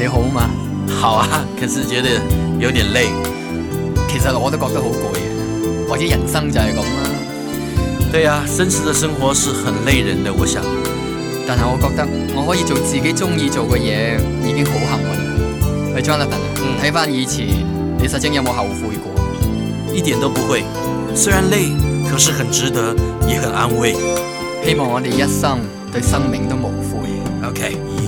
你好嗎？好啊，可是覺得有點累。其實我都覺得好攰，或者人生就係咁啦。對啊，真實的生活是很累人的，我想。但係我覺得我可以做自己中意做嘅嘢，已經好幸運啦。咪再等啦，睇翻以前，你曾經有冇後悔過？一點都不會，雖然累，可是很值得，也很安慰。希望我哋一生對生命都無悔。OK。